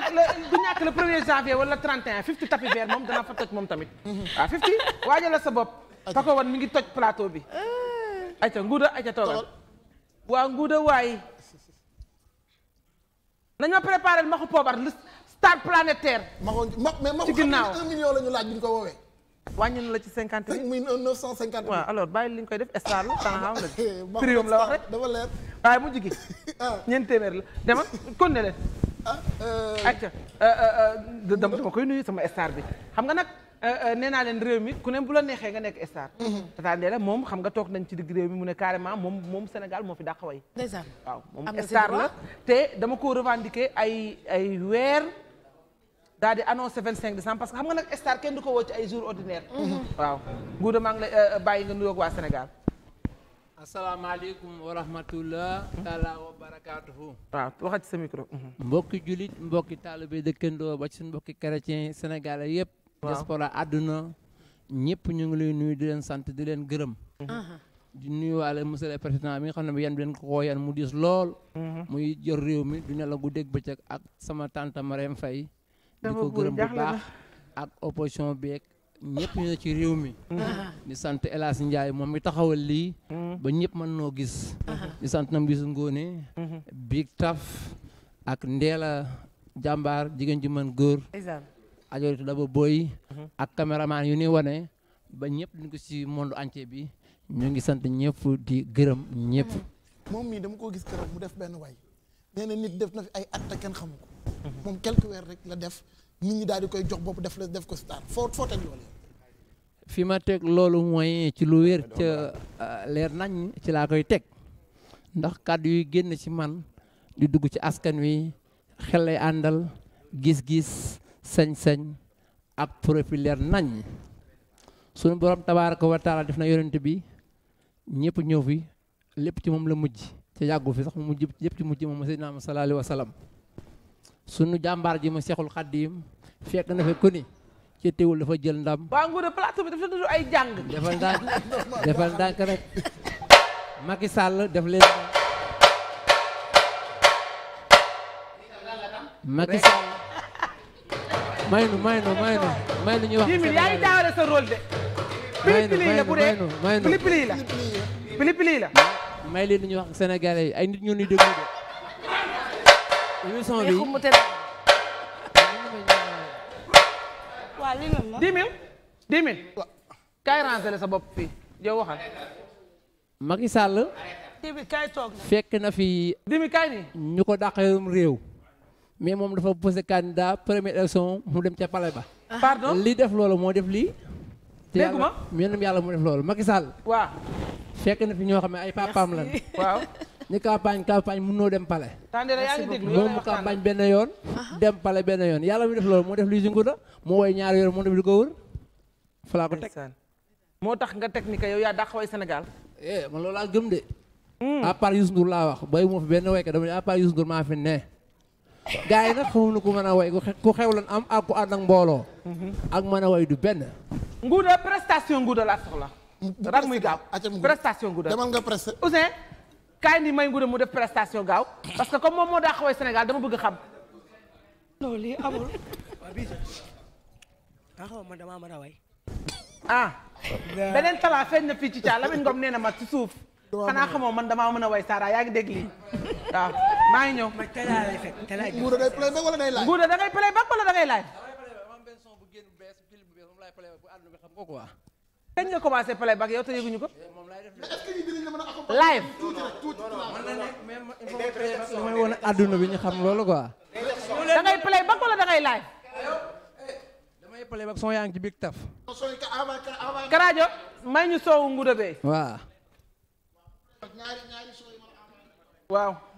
nag du ñàkk le premier janvier wala 31 50 tapis vert moom dana fa toj moom tamit. waaw ah, 50 waajal sa bopp. Paco Wane mi ngi toj plateau bi. Eh. ayca nguuda ayca toogal. waa nguuda waay. nañoo préparé maxu poobar le star planétaire. ci ginnaaw mais 1 million la ñu laaj bi ñu ko woowee. wàññi na la ci cinquante mille cinq mille neuf cent cinquante mille waaw bàyyi li koy def star la temps xaw la prix la wax rek dafa leer waaye mu gi. Ah. ñeent téeméer la demal kon ne acca ah, euh, euh, euh, dama dama koy nuyu sama star bi xam nga nag nee naa leen réew mi ku ne bu la neexee nga nekk star mhm. tata moom xam nga toog nañ ci digg mi mu ne carrément moom moom Sénégal moo fi dàq way waaw moom star la te dama ko revendiquer ay ay weer daal di annoncé 25 décembre parce que xam nga nag star kenn du ko woo ci ay jour ordinaire mhm. waaw nguur maa lay bàyyi nga nuyoog waa Sénégal asalaamaaleykum wa rahmatullah taala wa barakaatuhu waaw waxal ci sa micro mhm. mbokki julit mbokki taalibe dëkkandoo ba ci suñu mbokki chrétien sénégalais yëpp diaspora àdduna ñëpp ñu ngi lay nuyu di leen sant di leen gërëm mhm. di nuyuwaale monsieur le président bi nga xam ne bi yan bi leen ko yan mu diis lool mhm. muy jor réew mi du ne la guddeeg bëccëg ak sama tante Marème Faye di ko gërëm bu baax ak opposition beeg ñëpp ñu ne ci réew mi di sant El Hadj moom mi taxawal lii mm-hmm. ba ñëpp mën noo gis mm-hmm. di sant nam gisu ngóone Big Taf ak Ndeela jàmbaar jigéen ji mën góor ajoritu daba boy mm-hmm. ak caméraman yu ni wane ba ñëpp duñ ko ci monde entier bi ñu ngi sant ñëpp di gërëm ñëpp moom mii dama koo gis keroog mu def benn way nee nit def na fi ay at kenn xamu ko moom quelques weer rek la def nit ñi daal di koy jox bopp def la def ko star foo foo teg loolu fi ma teg loolu mooy ci lu wér ca ah, leer nañ ci laa koy teg ndax kàddu yu génn ci man di dugg ci askan wi xel lay àndal gis-gis sañ-sañ ak profil leer nañ sunu borom tabaaraka wa taala def na yonent bi ñëpp ñëw fi lépp ci moom la mujj ca yàggu fi sax mu mujj yëpp ci mujj moom Seydina Muhammad sallallahu alayhi wa sallam sunu jàmbaar ji ma Seexul Xaddiim fekk na fi ni ca teewul dafa jël ndam. waa Ngouda plateau bi dafa doon ay jàng. defal def leen. Macky Sall. may nu may nu may nu ñu wax. Jimmy yaa ngi jaawale sa rôle de. may nu may nu may pilipili la la. may leen ñu wax sénégalais yi ay nit ñu ni déglu de émission bi. waaw lii lan la dix mille sa bopp fii yow waxal Macky Sall dibi fekk na fi dimi ñu ko dàqeerum réew mais moom dafa posé daa première élection mu dem ca pale ba pardon li def loolu moo def lii te yàlla yàlla mu def loolu Macky Sall waaw fekk na fi ñoo xam ne ay papaam lan waaw ñi campagne campagne mënoo dem pale moom mu campagne benn yoon dem pale benn yoon yàlla mu def loolu moo def luy singuta moo woy ñaari yoon moo def lu ko wër falaa ko teg moo tax nga teg ni que yow yaa dàq way Sénégal eh man loolu laa gëm de hmm. à part Youssou laa wax bay moo fi benn woykat dama ne à part Youssou maa fi ne gars yi nag xamuñu ku mën a woy ku xew lan am ak ku ànd ak mbooloo mhm. ak mën a woy du benn nguuda prestation nguuda laa soxla rak muy kaay ni may ngure mu def prestation gaaw parce que comme moom moo daa xawee Sénégal dama bëgg xam. loolu lii amul. Ah, man damaa mën a way. ah. beneen talaa feeñ na fii ci caa Lamine Ngom nee na ma ci suuf. xanaa xamoo man damaa mën a way Sara yaa ngi dégg lii maa ngi ñëw. man talaa lay fekk talaa ji. Nguuda day play back wala day live. Nguuda da ngay play back wala kañ nga commencé bag yow te yëguñu ko. live. damay woon adduna bi ñu xam loolu ko da ngay playback wala da ngay live. damay playback son yaa ngi ci big taf. Karajo may ñu soowu ngudo bee. waaw. waaw.